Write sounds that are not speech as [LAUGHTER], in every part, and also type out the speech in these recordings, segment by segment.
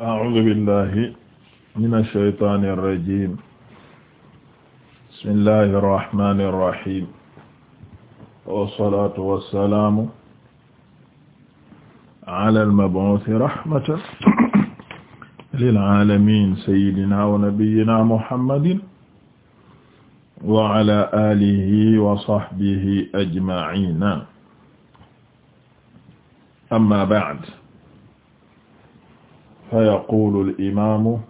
أعوذ بالله من الشيطان الرجيم بسم الله الرحمن الرحيم والصلاة والسلام على المبعوث رحمة للعالمين سيدنا ونبينا محمد وعلى آله وصحبه أجمعين أما بعد fa yaqulu al-imaamu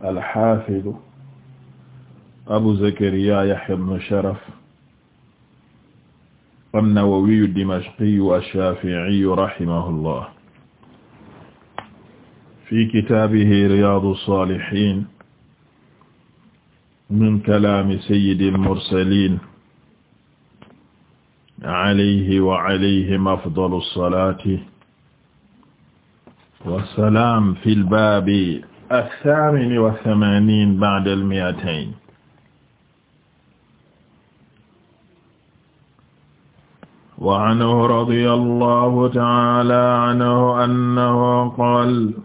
al-haafidu abu zakariya yahya ibn sharaf an-nawawiyu ad-dimashqiyu ash-shaafi'iyu rahimahullah fi kitaabihi riyaadu as-saalihiin min kalaami sayyidi al-mursaliin alayhi wa alayhim afdalu as-salaati wasalaam fil baabi as-saamini wa samaaniin ba'da al-mi'atayn wa anhu radiyallahu ta'aala anhu annahu qaala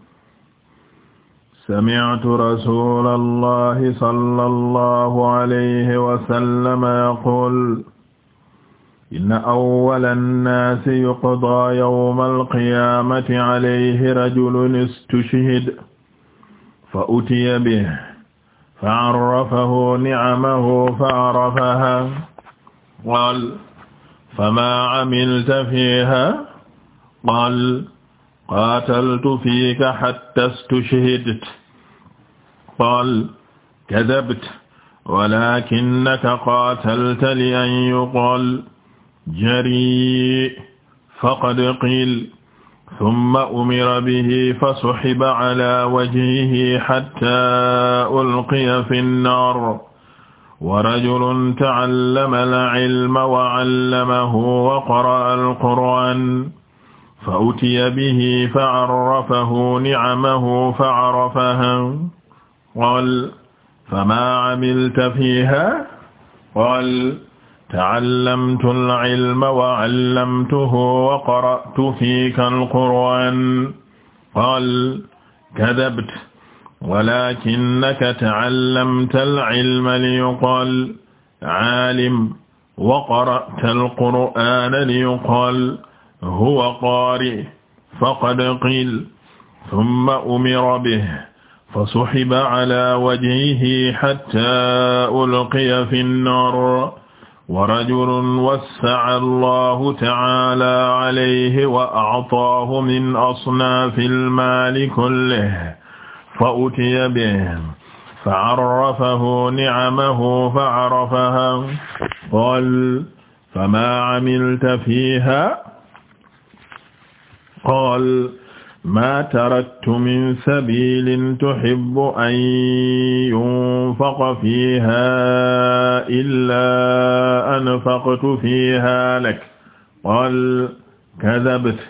sami'tu rasuulallahi sallallahu alayhi wa sallam yaquulu inna awwala nnaasi yuqdaa yawma alqiyaamati alayhi rajulun istushhida fa utiya bihi fa arrafahu nicamahu fa arafahaa qaala famaa camilta fiihaa qaala qaataltu fiika hattaa istushhidta qaala kadabta walaakinnaka qaatalta li an yuqaala jari faqad qiil summa umira bihi fasuxiba cala wajhihi xatta ulqiya fi nnaar wa rajulun tacallama alcilma wa callamahu wa qara'a alqur'aan fa utiya bihi facarrafahu nicamahu facarafahaa qaala famaa camilta fiihaa qaala ta'allamtu al-ilma wa 'allamtuhu wa qara'tu fiika al-qur'aan qaala kadhabta walaakinnaka ta'allamta al-ilma liyuqaala 'aalim wa qara'ta al-qur'aana liyuqaala huwa qaari' faqad qiila thumma umira bihi fasuhiba 'alaa wajhihi hattaa ulqiya fi an-naar wa rajulun wassa'a allahu ta'ala alayhi wa a'taahu min asnaafil maali kullihi fa utiya bihi fa arrafahu ni'amahu fa arafahaa qaala famaa 'amilta fiihaa qaala maa taraktu min sabilin tuhibbu an yunfaqa fiiha illaa anfaqtu fiiha lak qaal kadabta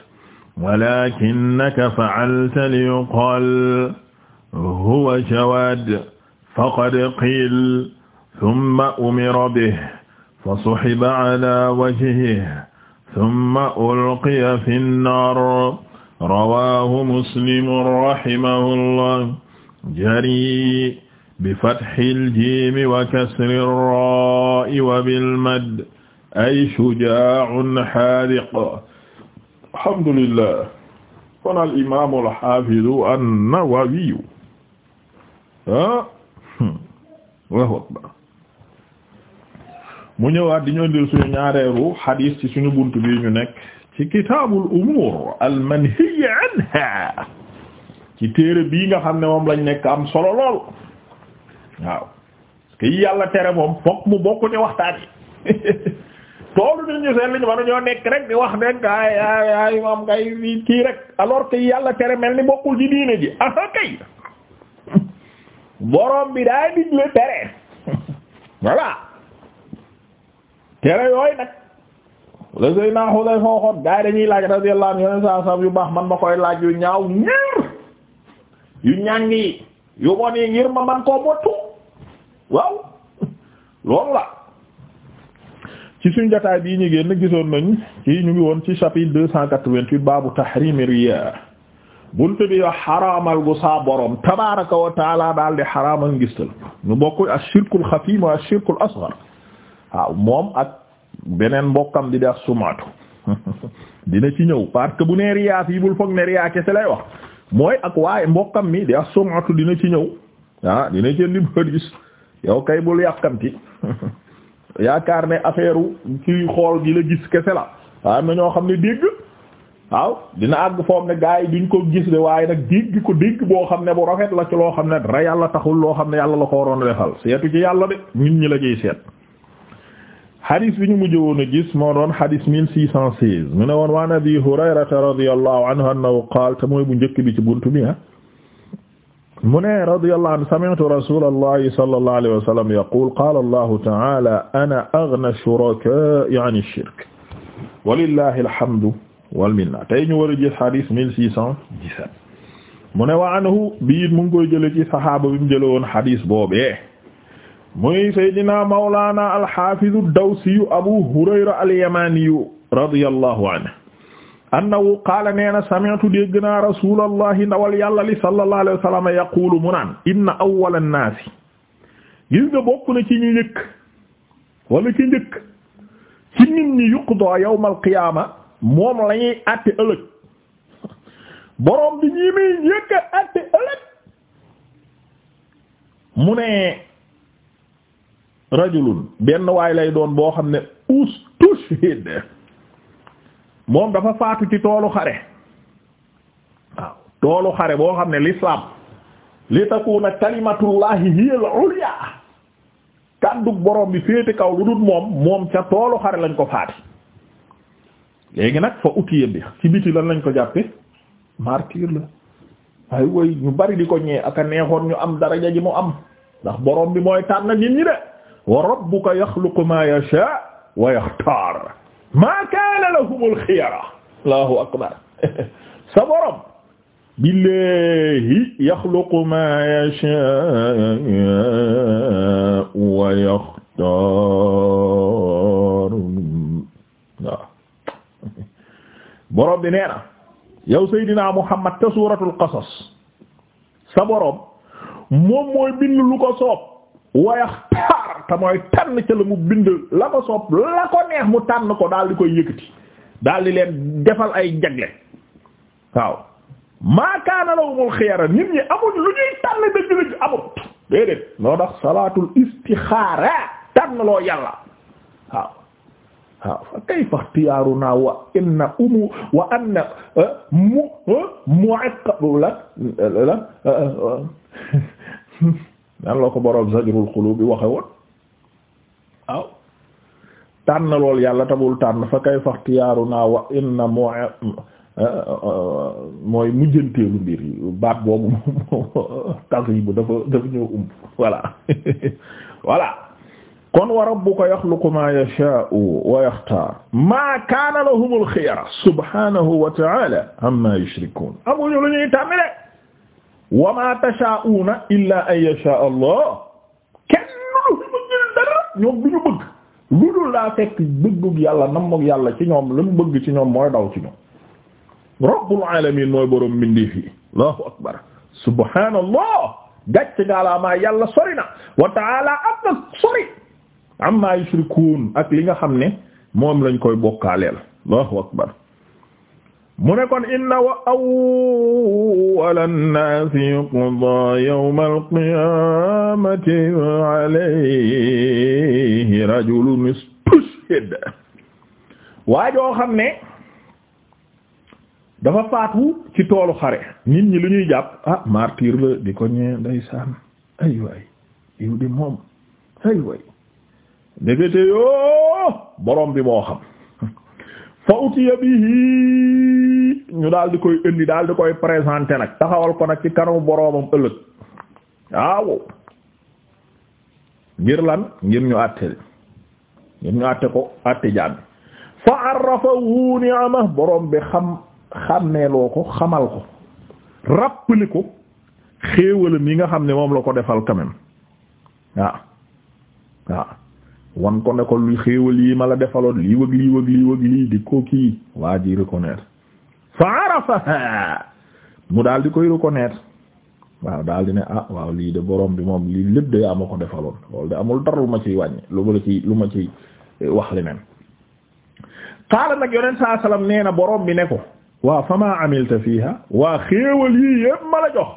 walaakinnaka fa'alta liyuqal huwa jawaad faqad qiil thumma umira bihi fasuhiba alaa wajhihi thumma ulqiya fin naar rawaahu muslim rahimahullah jari bi fathil jiimi wa kasri raa'i wa bil mad ay shujaa'un haadiq alhamdulillah kon al imaamu al haafidu an-Nawawiyu ah waaw mu ñëwaat di ñu indil suñu ñaareelu xadiis ci suñu buntu bi ñu nekk. ci kitaabul umuur al téere bii nga xam ne moom lañ nekk am solo lool waaw yàlla tere moom fokk mu waxtaan yi [LAUGHS] toolu nit ñu seen li ñu mënuñoo nekk di wax nekk kii rek alors yàlla tere mel ni bokkul ci diine ji [LAUGHS] aha kay borom bi daa digle tere [LAUGHS] voilà tere yooyu nag. le Seydina Xudayfa waxoon gars yi dañuy laaj radiyallahu saa sam yu baax man ma koy laaj yu ñaaw ngir yu ñàng yi yu bon yi ma man koo bottu waaw loolu ci suñu jotaay bii ñu génn gisoon nañ ci ñu ngi woon ci chapitre deux cent quatre-vingt-huit baabu tahrim riya bunt bi yo gu saa borom tabaraka wa taala daal di xaraamal ngistal ñu bokk ak shirkul xafi mo ak moom ak beneen mbokkam di def sumaatu [LAUGHS] dina ci ñëw parce que bu nee riyaa fii bul foog ne riyaa kese lay wax mooy ak waaye mbokkam mi di def dina ci ñëw ah dina ci lim hadis yow kay bul yàkkamti [LAUGHS] yaakaar ne affaire ci xool gi la gis kese la waaye na ñoo xam ne dégg waaw dina àgg foog ne gars yi duñ ko gis de waaye nag dégg ko dégg boo xam ne bu rafet la ci loo xam ne dara yàlla taxul loo xam ne yàlla la ko waroon defal seetu ci yàlla de ñun ñi la ciy seet. xadis bi ñu mujj woon a gis moo doon xadis 1616 mu ne woon waan abi hurayrata radiyallahu anhu annahu qaal te mooy bu njëkk bi ci buntu bi ah mu ne radiyallahu anhu sami'tu rasulallahi sallallahu alayhi wa sallam yaqul qaala allahu ta'ala ana aghna shuraka'i 'ani shirk walillahi alhamdu wal minna tey ñu war a gis xadis 1617 mu ne wa anhu bii mu ngi koy jële ci saxaaba bi mu jële woon xadis boobee muy Seydina Mawlana alxaafizu dawsiyu Abu Hurayra alyamaniyu radiyallahu anhu annahu qaala nee na sami'tu dégg naa rasulallahi ndawal yàlla li sallallahu alayhi wa sallam yaqulu mu naan inna awwala nnaasi bokk na ci ñu njëkk ci njëkk ci nit ñi yuqdaa yawmal qiyaama moom la ñuy àtte bi ñi muy njëkk àtte ëllëg mu rajulun benn waay lay doon boo xam ne ustushhid moom dafa faatu ci toolu xare waaw toolu xare boo xam ne l'islam li takuna kalimatullahi hiya al-ulya kàddug borom bi féete kaw lu dul moom moom ca toolu xare lañ ko faati léegi nag fa utiye bi ci biti lan lañ ko jàppe martyr la ay woy ñu bari di ko ñee aka neexoon ñu am daraja ji mu am ndax borom bi mooy tànn nit ñi de wa rabbuka yaxluqu maa yashaa wa yaxtaar maa kaana lahumul xiyara allahu akbar [LAUGHS] sa borom billahi yaxluqu maa yashaa wa yaxtaar waaw borom bi nee na yow Seydina Muhammad te suuratul Qasas sa borom moom mooy bind lu ko soob wayaxtaar te mooy tànn ca la mu bind la ko soob la ko neex mu tànn ko daal di koy yëkkati daal di leen defal ay jagle waaw maakaana lawumul xiyara nit lu ñuy tànn dëgg-dëgg amut déedéet noo tax salaatul istixaara tànn loo yàlla waaw waaw fa kayfa ixtiyaaruna wa inna umu wa anna mu mu'aqqab la la nan la ko boroom zajrul xuluub bi waxe woon waaw tànn lool yàlla tabul tànn fa kay fax tiyaaru naa wa inna moo eh, mooy mujjanteelu mbir yi baat boobu tas yi bu dafa dafa ñëw umb voilà [LAUGHS] voilà kon wa rabbuka yaxluqu maa yashaa'u wa yaxtaar maa kaana lahumul xiyara subhaanahu wa ta'aala ammaa yushrikuun amuñu lu ñuy tànn de wa ma tashaauna illa an yasha allah kenn lu fi bëgg dara ñoom du ñu bëgg lu dul laa fekk bëggug yàlla nammug yàlla ci ñoom lu mu bëgg ci ñoom mooy daw ci ñoom rabbul alamin mooy boroom mbindeef yi allahu akbar subhaanallah gàcc gaalaamaa yàlla sori na wa taala am na sori amma yushrikuun ak li nga xam ne moom lañ koy bokkaaleel allahu akbar mu ne kon inna wa awwala an-naasi yuqdaa yawma al-qiyaamati waa joo xam ne dafa faatu ci toolu xare nit ñi lu ñuy jàpp ah martyr la di ko ñee ndeysaan ay waay yiw di moom ay waay ndekete yoo borom bi moo xam fa utiya bihi ñu daal di koy indi daal di koy présenté nag taxawal ko nag ci kanamu boroomam ëllëg waaw ngir lan ngir ñu àtte ngir ñu àtte ko àtte jaan fa arrafahu ni'ama boroom bi xam xàmmeeloo ko xamal ko rappali ko xéewalam yi nga xam ne moom la ko defal quand même waaw wan ko ne ko lu xéewal yi ma la defaloon lii wëg lii wëg lii di ko kii waa ji reconnaître fa arafaha mu daal di koy reconnaître waaw daal di ne ah waaw lii de borom bi moom lii lépp de ama ko defaloon loolu de amul dara lu ma ciy wàññi lu ma ciy lu ma ciy eh, wax leneen qaala nag yonent saa salaam nee na borom bi ne ko waa fa maa amilta fiiha waa xéewal yii yépp ma la jox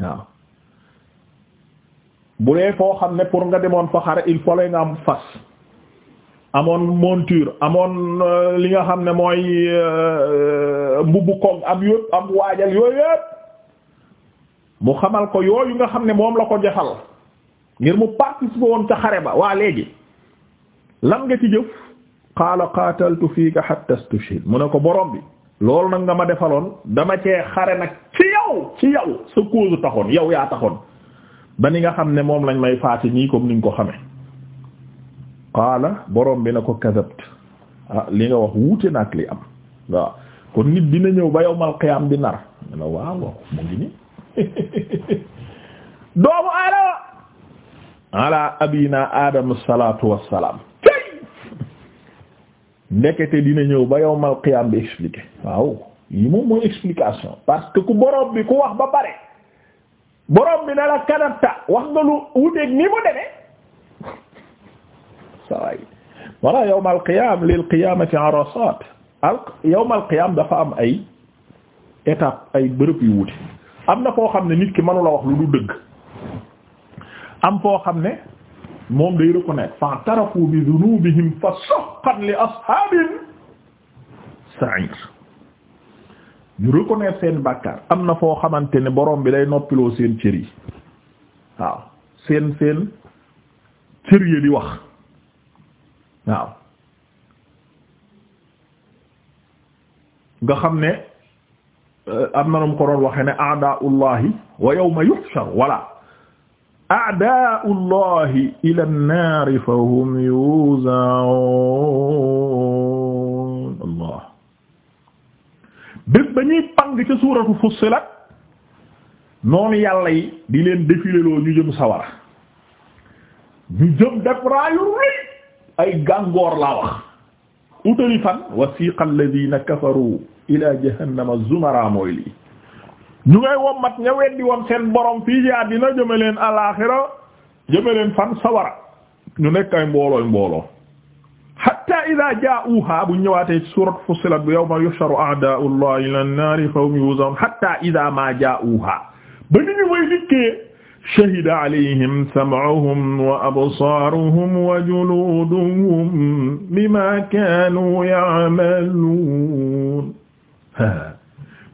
waaw bu dee foo xam ne pour nga demoon fa xare il faut lay nga am fas amoon monture amoon euh, li nga xam ne mooy euh, mbubbu koog am yëpp am waajal yooyu yëpp mu xamal ko yooyu nga xam ne moom la ko jafal ngir mu participer woon ca xare ba waa léegi lan nga ci jëf qaala qataltu fiika hatta astushhid mu ne ko boroom bi loolu nag nga ma defaloon dama cee xare nag ci yow ci yow sa cause taxoon yow yaa taxoon ba ni nga xam ne moom lañ may faati nii comme niñ ko xame qaala borom bi na ko kazabt ah li nga wax wuute na ak li am waaw kon nit dina ñëw ba yowmal qiyaam bi nar ne la waaw waaw mu ngi nii [LAUGHS] ndekete dina ñëw ba yowmal qiyaam bi expliquer waaw yi moom mooy explication parce que ku borom bi ku wax ba pare borom bi ne la wax nga lu wuteeg ni mu demee saway wala yawm al qiyam lil qiyamati arasat al yawm al qiyam dafa am ay étape ay bërëb yu wute am na foo xam ne nit ki mënu la wax lu du dëgg am foo xam ne moom day reconnaître fa tarafu bi dhunubihim fa suqqan li ashabin sa'ir ñu reconnaître seen bàkkaar am na foo xamante ne borom bi day noppiloo seen cër yi waaw seen seen di wax waaw nga xam ne euh, am na nu mu ko doon waxee wa yawma yuhshar wala aadaullahi ila an fa hum yuzaun bés ba ñuy pang ca suuratu Fussilat noonu yàlla yi di leen défilé loo ñu jëm sawara ñu jëm def raayu rëy ay gàngoor laa wax utali fan wasiqa alladhina kafaru ila jahannama zumara mooy lii ñu ngay wommat ña weddi woon seen borom fii ci àddina jëme leen alaaxira jëme leen fan sawara ñu nekk ay mboolooy mbooloo hatta idha jaa'uha bu ñëwaatee surat fussilat bu yawma yuhsharu a'daa'u llahi ila an-naari fa hum yuzaun hatta idha ma jaa'uha ba ni ñu way dikkee shahida alayhim sam'uhum wa absaaruhum wa juluuduhum bima kaanu ya'maluun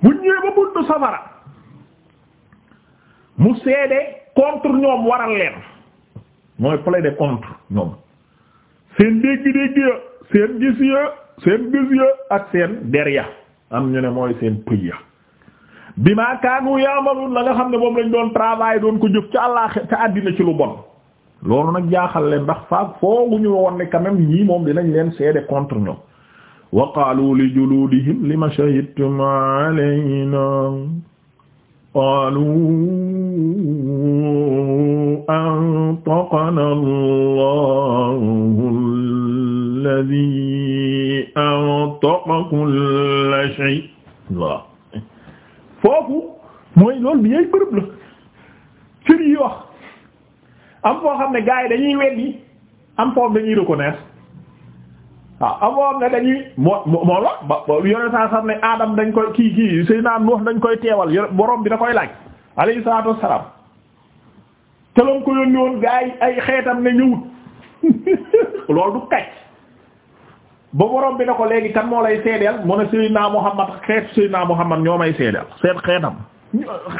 bu ñëwee ba buntu safara mu seede contre ñoom waral leen mooy plaider contre ñoom seen dégg-dégg ya seen gis ya seen gis ya ak seen der ya am ñu ne mooy seen pëy ya bi maa kaanu yaamaluun la nga xam ne moom lañ doon travail doon ko jëf ca allah ca àddina ci lu bon loolu nag jaaxal leen ndax faak foogu ñu woon ne quand même ñii moom dinañ leen seede contre ñoom wa qaalu li juluudihim lima shahidtum alayna qaaluu antaqana allahu alladhi antaqa kulla shay foofu mooy loolu bi yay la sër am foo xam ne yi dañuy am foofu dañuy reconnaître waaw am woon ne dañuy moo moo la ba yoneen saa sax ne Adam dañ koy kii kii Seydina Nuux dañ koy teewal yore boroom bi da koy laaj alayhi salaatu wassalaam te la ko yónni woon gaa yi ay xeetam ne ñëwut [LAUGHS] loolu du kacc ba borom bi na ko léegi kan moo lay seedeel mu ne Seydina Muhammad xeet Seydina Muhammad ñoo may seedeel seet xeetam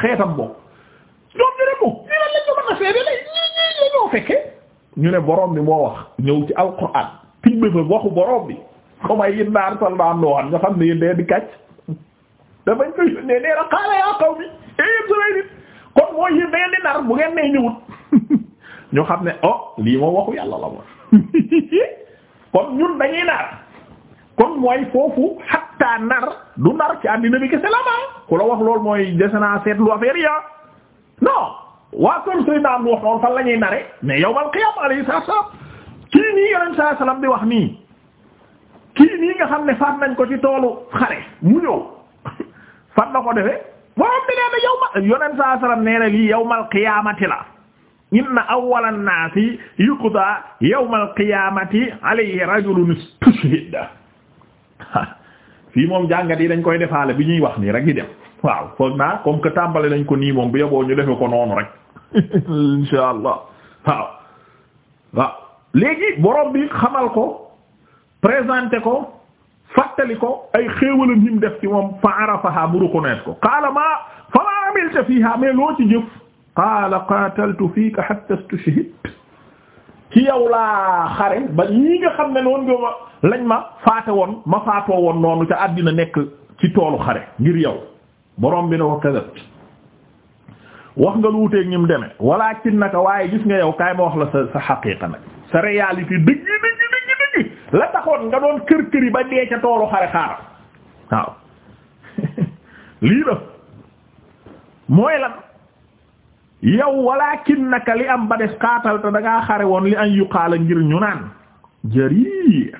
xeetam boobu ñoom ñu ne mu ñu ne a seedeel ñii ñii ñoo fekke ñu ne borom bi moo wax ñëw ci alxuraan tibb fa waxu borom bi xaw ma yéen naa arsal naa am na waxoon nga xam ne yéen day di kàcc dafañ koy yónnee nee na xaaral yaa xaw mi eh yéen su nit kon mooy yéen da di nar bu ngeen nee ñëwut [LAUGHS] ñu xam ne oh lii moom waxu yàlla la moom [LAUGHS] kon ñun dañuy nar kon mooy foofu xatta nar du nar ci àddina bi kese la ma ku la wax loolu mooy dese naa seetlu affaire ya non waa kër Seydina am wax noonu fan la ñuy nare mais yawmal qiyaama alayhi kii nii yonent saa salaam di wax nii kii nii nga xam ne faat nañ ko ci toolu xare mu ñëw faat na ko defee borom bi nee na yow ma yonent saa na lii yawmal qiyaamati la inna awwala an-naasi yuqdaa yawmal qiyaamati alayhi rajulun fii moom jàngat yi dañ koy defaale bi ñuy wax nii rek yi dem waaw foog naa comme que tàmbale nañ ko nii moom bu yoboo ñu defe ko noonu rek [LAUGHS] insha allah waaw léegi borom bi xamal ko présenté ko fàttali ko ay xéewalam yi mu def ci moom fa arafaha mu reconnaître ko qaala maa fa maa amilta fiiha mais loo ci jëf qaala qataltu fiika tu stushhidta ci yow laa xare ba ñii nga xam ne noon nga ma lañ ma faate woon ma faatoo woon noonu ca àddina nekk ci toolu xare ngir yow borom bi na ko kadab wax nga lu wuteeg ñi mu demee walakin naka waaye gis nga yow kaay ma wax la sa sa nag sa réalité dëgg dëgg dëgg dëgg la taxoon nga doon kër ba dee ca xare xaaral waaw [LAUGHS] lii la mooy lan yow walakinnaka li am ba des xaatal te da xare woon li an yuqaala ngir ñu naan jarir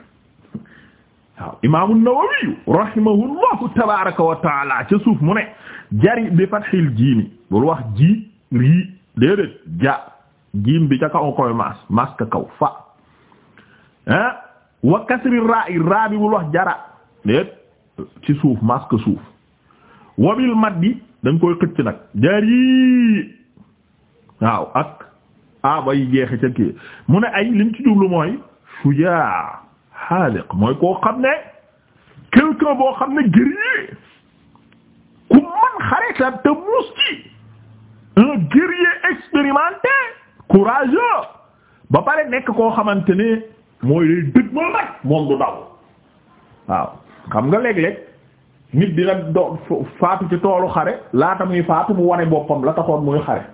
waaw imaamu Nawawi rahimahullahu tabaaraka wa ca suuf mu ne jari bi fathil jiimi bul wax ji rii déedéet ja jiim bi ca kaw koy maas maas ka kaw fa eh? wa kasri raa i raa bi wax jara déet ci suuf maas ka suuf wabil maddi dañ koy xëcc nag jari waaw ak aba jeexe ca kii mu ne ay lim ci jublu mooy shujaa xaaliq mooy koo xam ne quelqu'un boo xam ne guerrier ku mën xare la te ci un expérimenté courageux ba pare nekk koo xamante ne mooy day dëgg ma moom du daw waaw xam nga léeg-léeg nit dina do faatu ci toolu xare laata muy faatu mu wane boppam la taxoon muy xare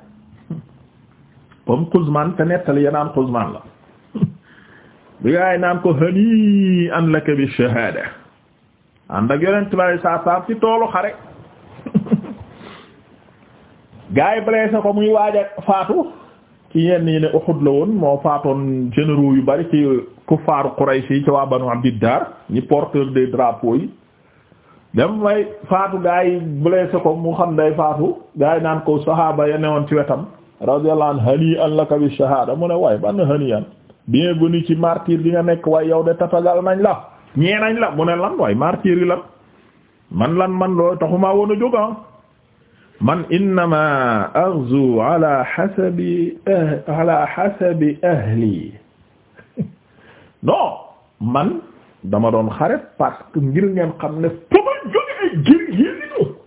comme Xuzmaan te nettali ya naan Xuzmaan la bi ngay naan ko hani an laka bi shahada ànd ci toolu xare [LAUGHS] gaay blessé ko muy waaja faatu ci yenn yi ne Uhud la woon moo faatoon généraux yu bari ci kuffaaru Quraysh yi ci waa Banu Abdiddar ñi porteur des drapeaux yi dem may faatu gaa yi blessé ko mu xam day faatu gaa yi naan ko saxaaba ya newoon ci wetam radiyallahu anhu hani an laka bi shahada mu ne waaye ban hani an bienvenue ci martyr bi nga nekk waaye yow de tatagal nañ la ñee nañ la mu ne lan waaye martyr yi lan man lan man loolu taxumaa woon a jóg ah. man innama aghzu ala hasabi eh, ala hasabi ahli non man dama doon xare parce que ngir ngeen xam ne fa ma ay ngir yéen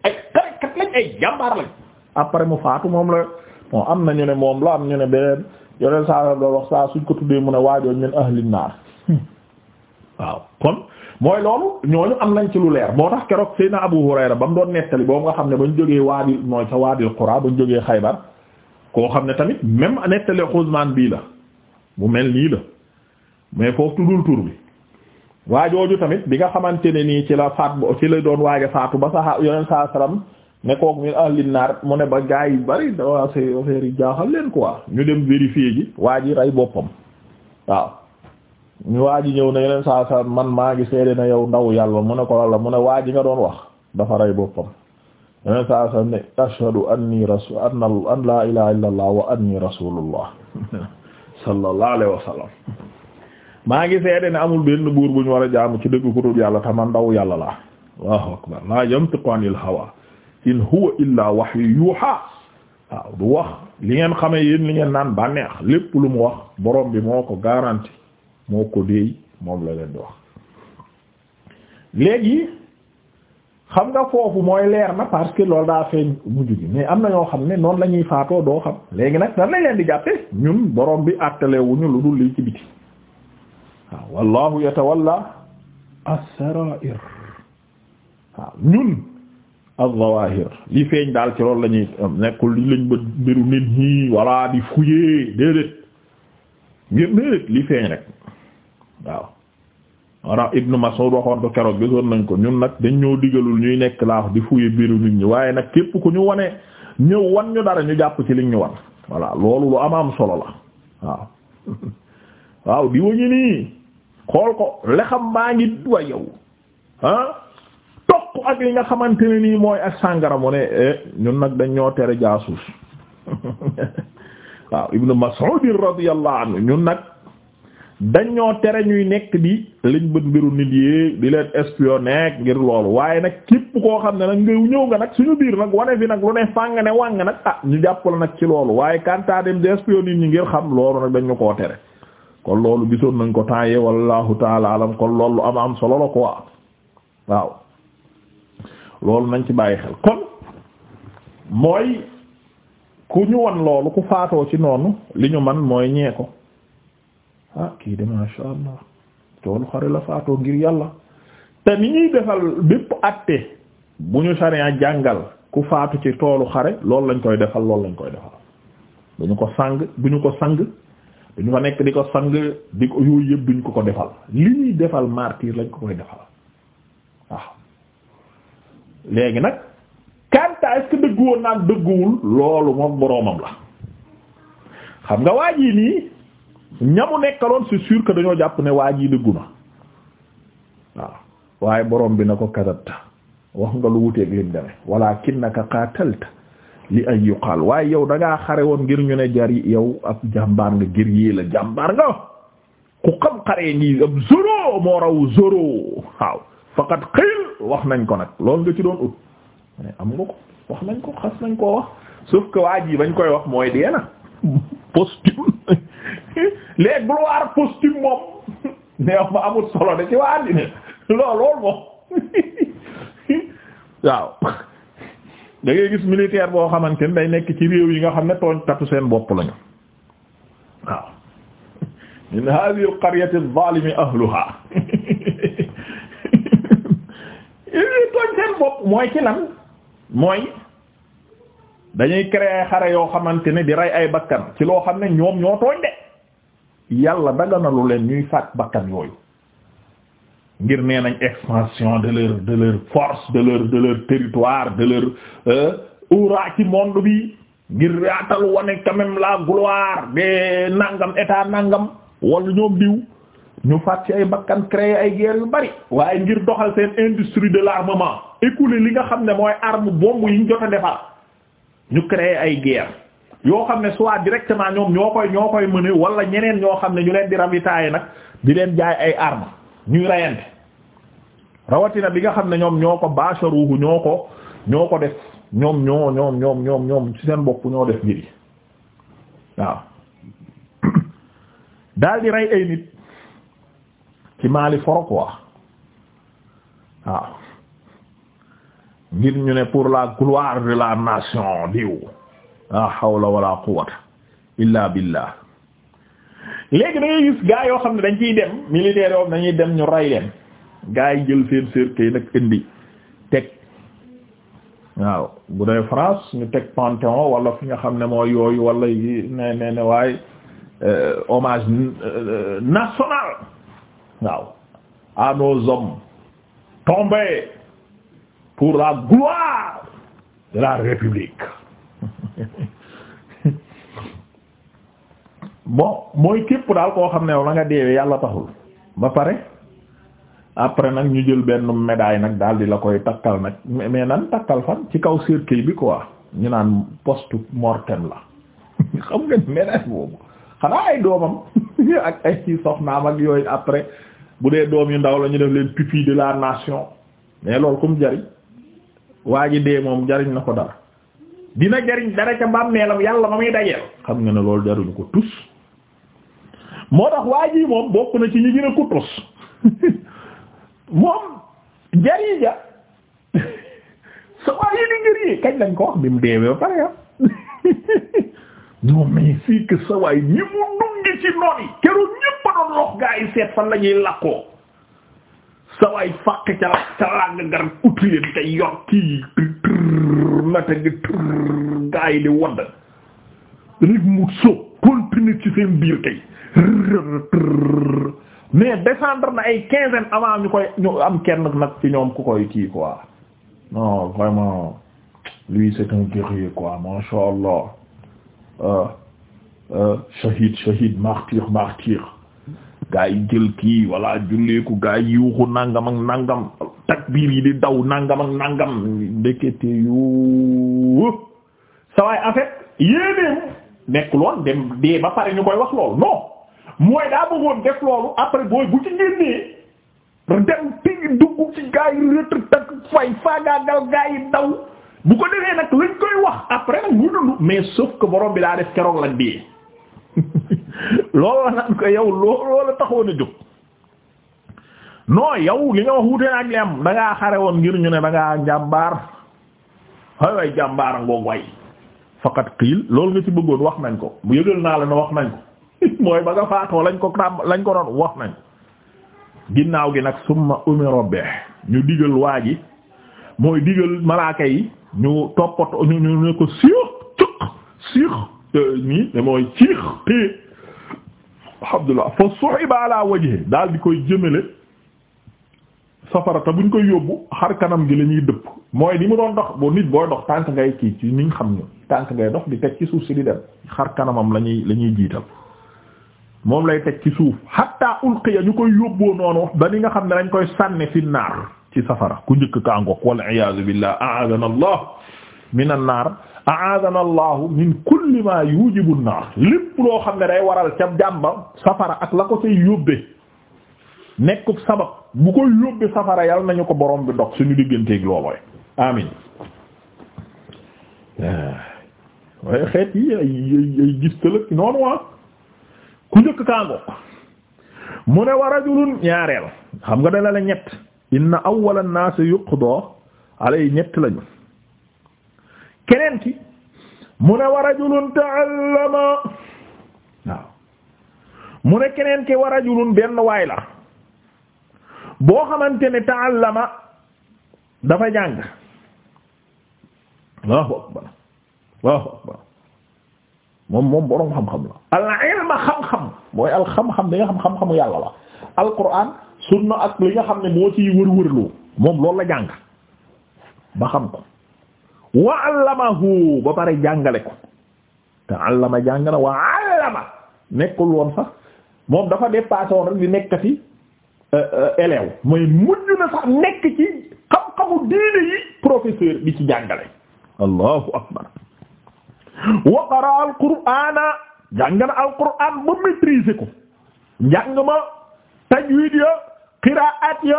ay xarekat lañ ay jàmbaar lañ après mu faatu moom la bon am na ñu ne moom la am ñu ne beneen yoneen saa la wax saa suñ ko tuddee mu ne waajoon min ahli naar hmm. waaw kon mooy loolu ñooñu am nañ ci lu leer moo tax keroog Seydina Abu Hurayra ba mu doon nettali boobu nga xam ne ba ñu jógee waadi mooy sa waadil Qura ba ñu jógee Xaybar koo xam ne tamit même nettali bii la bu mel nii la mais foofu tur bi waajooju tamit bi nga xamante ne nii ci la faat ci la doon waaja faatu ba sax yoneen saa ne kook min ahlin mu ne ba gaa yi bari da waa yi jaaxal leen quoi ñu dem vérifier ji waa ji rey boppam waaw. ñu waa ji ñëw ne man maa ngi seede na yow ndawu yàlla mu a ko walla mu a waa ji nga doon wax dafa rey boppam yeneen saa saa ne ashhadu anni rasul anna an la ilaha illa allah wa anni rasulullah [LAUGHS] sallallahu alayhi maa ngi seede ne amul benn buur bu ñu war a jaamu ci dëgg ku dul yàlla te man ndaw yàlla la allahu akbar la yantiqu anil in huwa illa wahyu yuha waaw du wax li ngeen xame yéen li ngeen naan bànneex lépp lu mu wax borom bi moo ko garanti moo ko déey moom la leen di wax léegi xam nga foofu mooy leer na parce que loolu daa feeñ mujj gi mais am na ñoo xam ne noonu la ñuy faatoo doo xam léegi nag dan lañ leen di ñun borom bi àttalewuñu lu dul lii ci biti waaw wallahu li daal ci loolu la ñuy li lañ ba mbiru nit ñi walla di fuyee déedéet ngir déedéet li feeñ rek waaw maanaam Ibnu Mas'ud waxoon ko keroog gisoon nañ ko ñun nag dañ ñoo digalul ñuy nekk laax di fuye biiru nit ñi waaye nag képp ku ñu wone ñëw wan ñu dara ñu jàpp ci liñ ñu wan voilà loolu lu am am solo la waaw [LAUGHS] waaw di wañu nii xool ko lexam baa ngi wa yow ah toq ak li nga xamante ne nii mooy ak sàngara mu ne eh, ñun nag dañ ñoo tere jaasuus [LAUGHS] waaw Ibnu Mas'ud radiyallahu anhu ñun nag dañoo tere ñuy nekk di liñ bët mbiru nit yi di leen espionner ngir loolu waaye nag képp koo xam ne nag ñëw nga nag suñu biir nag wane fi nag lu ne fàng ne wàng nag ah ñu jàpp la nag ci waaye kantaa ñi ngir xam loolu nag dañ ñu koo tere kon loolu gisoon nañ ko tàyyee wallahu taala alam kon loolu am am solo la quoi waaw loolu nañ ci bàyyi xel kon mooy ku ñu wan loolu ku faatoo ci noonu li ñu man mooy ñee ko ah kii de masha allah toolu xare la faatoo ngir yàlla te ni ñuy defal bépp àtte bu ñu sariya jàngal ku faatu ci toolu xare loolu lañ koy defal loolu lañ koy defal du ñu ko sang du ñu ko sang du ñu fa nekk di ko sang di ko yooyu yëpp duñ ko ko defal li ñuy defal martyr lañ ko koy defal waaw ah. léegi nag kanta est-ce que dëggu dëgguwul loolu moom boroomam la xam nga waa jii nii ñamu nekkaloon c'est sûr que dañoo jàpp ne waa ji dëggu na waaw waaye borom bi na ko kadabta wax nga lu wuteeg lim deme walakinnaka qatalta li ay yuqaal waaye yow da ngaa xare woon ngir ñu ne jari yow ab jàmbaar nga ngir yée la jàmbaar nga ku xam xaree ngi ab zoro moo raw zoro waaw faqat xiil wax nañ ko nag loolu nga ci doon ut mais am nga ko wax nañ ko xas nañ koo wax sauf que waa ji bañ koy wax mooy dee na [LAUGHS] posthume les gloires posthumes moom [LAUGHS] neew ma amul solo de ci waa àddina loolu moom [LAUGHS] waaw da gis militaire boo xamante ne day nekk ci réew yi nga xam ne tooñ tooñkatu seen bopp lañu waaw [LAUGHS] min hadhihi al-qaryati adh-dhalimi ahluha yii tooñ seen bopp mooy ci lan mooy dañuy créer xare yoo xamante ne di rey ay bakkan ci loo xam ne ñoom ñoo tooñ de yàlla daganalu leen ñuy faat bakkan yooyu ngir nee nañ expansion de leur de leur force de leur de leur territoire de leur aura euh, ci monde bi ngir yaatal wane quand même la gloire des nangam état nangam wala ñoom diw ñu faat ci ay bakkan créer ay guerre yu bari waaye ngir doxal seen industrie de l'armement écouler li nga xam ne mooy arme bombe yi ñu jot a defar ñu créer ay guerre yoo xam ne soit directement ñoom ñoo koy ñoo koy mëne wala ñeneen ñoo xam ne ñu leen di ravitailler nag di leen jaay ay armes ñuy rayante rawatina bi nga xam ne ñoom ñoo ko bâcharuhu ñoo ko ñoo ko def ñoom ñoo ñoom ñoom ñoom ci seen bopp ñoo def mbir yi waaw [COUGHS] daal di rey ay nit ci maali foro quoi waaw ngir ñu ne pour la gloire de la nation diw la hawla wala quwwata illa billah léegi da gis gaa yoo xam ne dañ ciy dem militaire yoo dañuy dem ñu ray leen gaa yi jël seen cercueil nag indi teg waaw bu dee France ñu teg Panthéon wala fi nga xam ne mooy yooyu walla yi ne ne ne waaye euh, hommage euh, national waaw à nos hommes tombés pour la gloire de la République bon mooy képp daal koo xam ne yow la nga deewee yàlla taxul ba pare après nag ñu jël benn médaille nag daal di la koy takkal nag mais nan takkal fan ci kaw cercueil bi quoi ñu naan post mortem la [LAUGHS] xam nga médaille boobu xanaa ay doomam [LAUGHS] ak ay soxnaam ak yooyu après bu dee doom yu ndaw la ñu def leen pupille de la nation mais loolu comme jariñ waa ji dee moom jariñ na ko dara dina jariñ dara ca bàmmeelam yàlla ma xam nga ne loolu jaruñu ko tus moo tax waa ji moom bokk na ci ñi gën a kutus [LAUGHS] moom jarija [LAUGHS] sa waay yi di ngër yi kañ lañ ko wax bi mu deewee ba pare am ah. [LAUGHS] non mais c'est que sa ñi mu dungi ci noon yi keroog ñëpp a doon lox gaa yi seet fan la ñuy lakkoo sa waay fàq ca ca làng gar utile bi yi di wadd rek mu sóob continue ci seen biir kay mais descendre na ay quinzaine avant ñu koy ñu am kenn nag ci ñoom ku koy kii quoi non vraiment lui c'est un guerrier quoi masha Allah euh euh shahid shahid martyr martyr gaa yi jël kii walla julleeku gaa yuuxu nangam ak nangam takbiir yi di daw nangam ak nangam ndekete yu sawaay en fait yéenéem nekkul woon dem dee ba pare ñu koy wax loolu non mooy daa bëggoon def loolu après booy bu ci génnee dem tigi dugg ci gaa yi rëtt takk fay faagaagal gaa yi daw bu ko defee nag lañ koy wax après nag mu dund mais sauf que borom bi daa def keroog lañ dee [LAUGHS] loolu la naan ko yow loolu la taxoon a jóg non yow li nga wax wutee ak li am da xare woon ngir ñu ne da ngaa jàmbaar ay way jàmbaar ngoog way faqat xiil loolu nga ci bëggoon wax nañ ko bu yëgal naa la ne wax nañ ko [LAUGHS] mooy ba nga faatoo lañ ko lañ ko doon wax nañ ginnaaw gi nag summa umiro bih ñu digal waa ji mooy digal malaaka yi ñu toppato ñu ñu ne ko siix siix nii da mooy siix xii alhamdulillah fa suhiba ala wajhi daal di koy jëmale safarata buñ koy yóbbu xar kanam gi la ñuy dëpp mooy ni mu doon dox boo nit booy dox tànk ngay kii ci niñ xam ñu tànk ngay dox di teg ci suuf si di dem xar kanamam la ñuy la ñuy jiital moom lay teg ci suuf hatta ulqiya ñu koy yóbboo noonu ba ni nga xam ne dañ koy sànni fi naar ci safara ku njëkk kaa ngoog wal iyaazu billah a'adana allah min an naar a'adana allah min kulli ma naar lépp loo xam ne day waral ca jàmba safara ak la ko say yóbbe nekkub sabab bu koy yóbbe safara yal nañu ko borom bi dox suñu digganteeg loolooy amin waaye xeet yi ay gis tëlëg noonu waa ah. ku njëkk kaango mu ne wa rajulun ñaareel xam nga dana la ñett inna awwala an-nas yuqda alay ñett lañu keneen ki mu ne wa rajulun ta'allama waaw mu ne keneen ki wa rajulun benn waay la boo xamante ne ta'allama dafa jàng waaw moom moom boroom xam-xam la al ilm xam-xam mooy al xam-xam li nga xam xam-xamu yàlla la al quraan sunna ak li nga xam ne moo ci wër-wërloo moom loolu la jàng ba xam ko wa allamahu ba pare jàngale ko te allama jàng na wa allama nekkul woon sax moom dafa dépassé woon rek di nekkati euh, euh, élève mooy mujj na sax nekk ci xam-xamu diine yi professeur bi ci jàngale allahu akbar wa qara al qur'ana jàng na al qur'an ba maîtriser ko njàng ma tajwid ya qiraat ya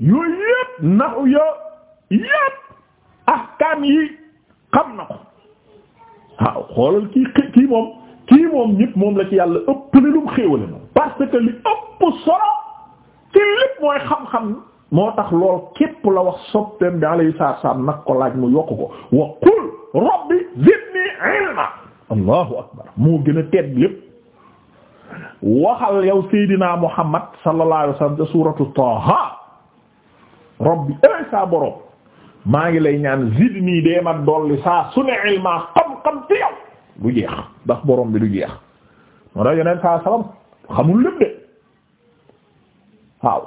yooyu yëpp naxu ya yëpp ahkaam yi xam na ko waaw xoolal kii kii moom kii moom ñëpp moom la ci yàlla ëpp li lum xéewale moom parce que li ëpp solo ci lépp mooy xam-xam moo tax lool képp la wax soppeem bi alayhi salaatu salaam nag ko laaj mu yokk ko wa qul rabbi zidni ilma allahu akbar moo gën a tedd lépp waxal yow seydinaa muhammad sallallahu alayhi wasallam te suuratu taaha rabbi ay saa borom maa ngi lay ñaan zidni dee ma dolli saa su ne ilma xam-xam ci yow du jeex ndax borom bi du jeex moo tax yeneen saa salaam xamul lépp de waaw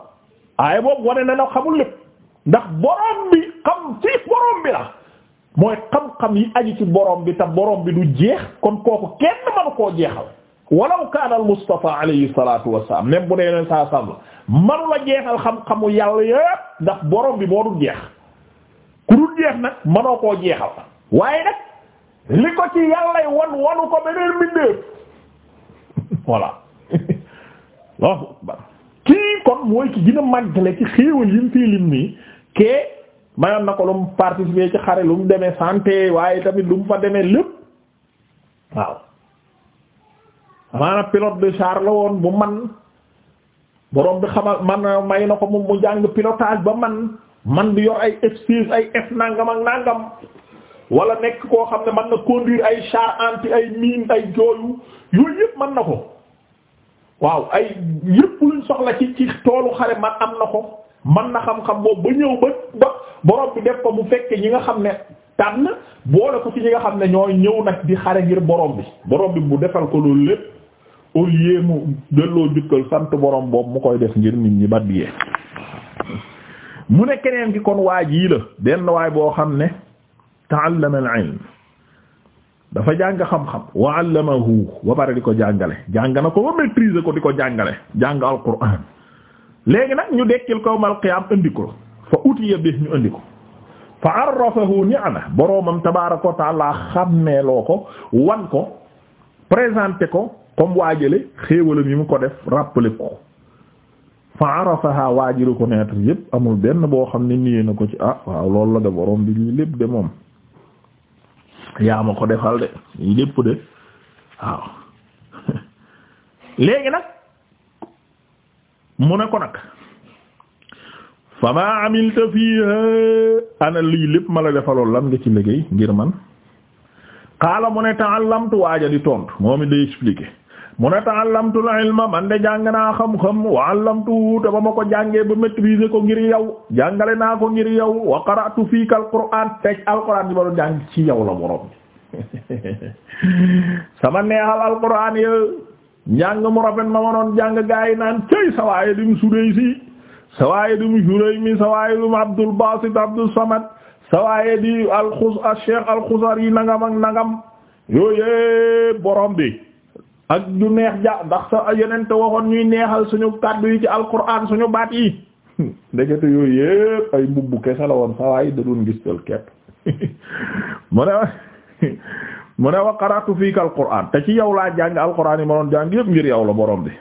aaya boobu wane na na xamul lépp ndax borom bi xam ci borom bi la mooy xam-xam yi aju ci borom bi te borom bi du jeex kon kooku kenn manu koo jeexal walaw kaana al Mustafa alayhi salaatu wassalaam même bu dee yeneen saa sàmm manu la jeexal xam-xamu ndax borom bi moo dul jeex ku dul jeex nag koo jeexal waaye nag li ko ci yàllay wan wanu ko beneen mbindeef [LAUGHS] voilà [LAUGHS] kii kon mooy ki gën a màggale ci xéewal yi mu fii lim nii kee mayoon na ko lu mu participer ci xare lu mu demee santé waaye tamit lu mu fa demee lépp waaw maanaam pilote de char la woon bu man borom bi xamal man na may na ko moom mu jàng pilotage ba man man bi yor ay F6 ay F nangam ak nangam wala nekk koo xam ne man na conduire ay char anti ay mine ay jooyu yooyu yëpp man na ko waaw ay yépp luñ soxla ci ci toolu xare man am na ko man na xam-xam boobu ba ñëw ba ba borom bi def ko mu fekkee ñi nga xam ne tànn boole ko ci ñi nga xam ne ñooy ñëw nag di xare ngir borom bi borom bi mu defal ko loolu lépp au lieu mu delloo jukkal sant borom boobu mu koy def ngir nit ñi ba diyee mu ne keneen ki kon waaj yi la benn waay boo xam ne ta'allama al-ilm dafa jàng xam-xam wa allamahu ba pare di ko jàngale jàng na ko ba maîtriser ko di ko jàngale jàng alquran léegi nag ñu dekkil ko mal qiyaam indi ko fa utiya bi ñu indi ko fa arrafahu ni'ama boroomam tabaaraka wa ta'aala xàmmeeloo ko wan ko présenter ko comme waajale xéewalam yi mu ko def rappeler ko fa arafaha waajiru ko neetar yépp amul benn boo xam ne niee na ko ci ah waaw loolu la de borom bi lii lépp de moom yaa ma ko defal de lépp de waaw [LAUGHS] léegi nag mu ne ko nag fa maa amilta fiiha ana lii lépp ma la defaloon lan ci liggéey ngir man xaala mu ne ta'allamtu waaja di tontu moom it day expliquer mu ne ta'allamtul ilma man de jàng naa xam-xam wa allamtu te ba ma ko jàngee ba maîtriser ko ngir yow jàngale naa ko ngir yow wa qara'tu fiika alquran teg alquran bi ma doon jàng ci yow la borom [LAUGHS] sama neexal alquran ya njàng mu rafet ma ma doon jàng gaa yi naan cëy sawaaye dum sudey si sawaaye dum jurey mi sawaaye dum abdul basit abdul samad sawaaye di al cheikh alxusar yi nangam ak nangam ak ju neex ja ndax sa yonente waxoon ñuy neexal suñu kàddu yi ci alquran suñu baat yi [LAUGHS] ndekete yooyu yépp ay mbubb kese la woon sa waay da doon gis tal kepp [LAUGHS] mu ne [LAUGHS] mu ne wa qara'tu fiika alquran te ci yow laa jàng alquran yi ma doon jàng yépp ngir yow la borom bi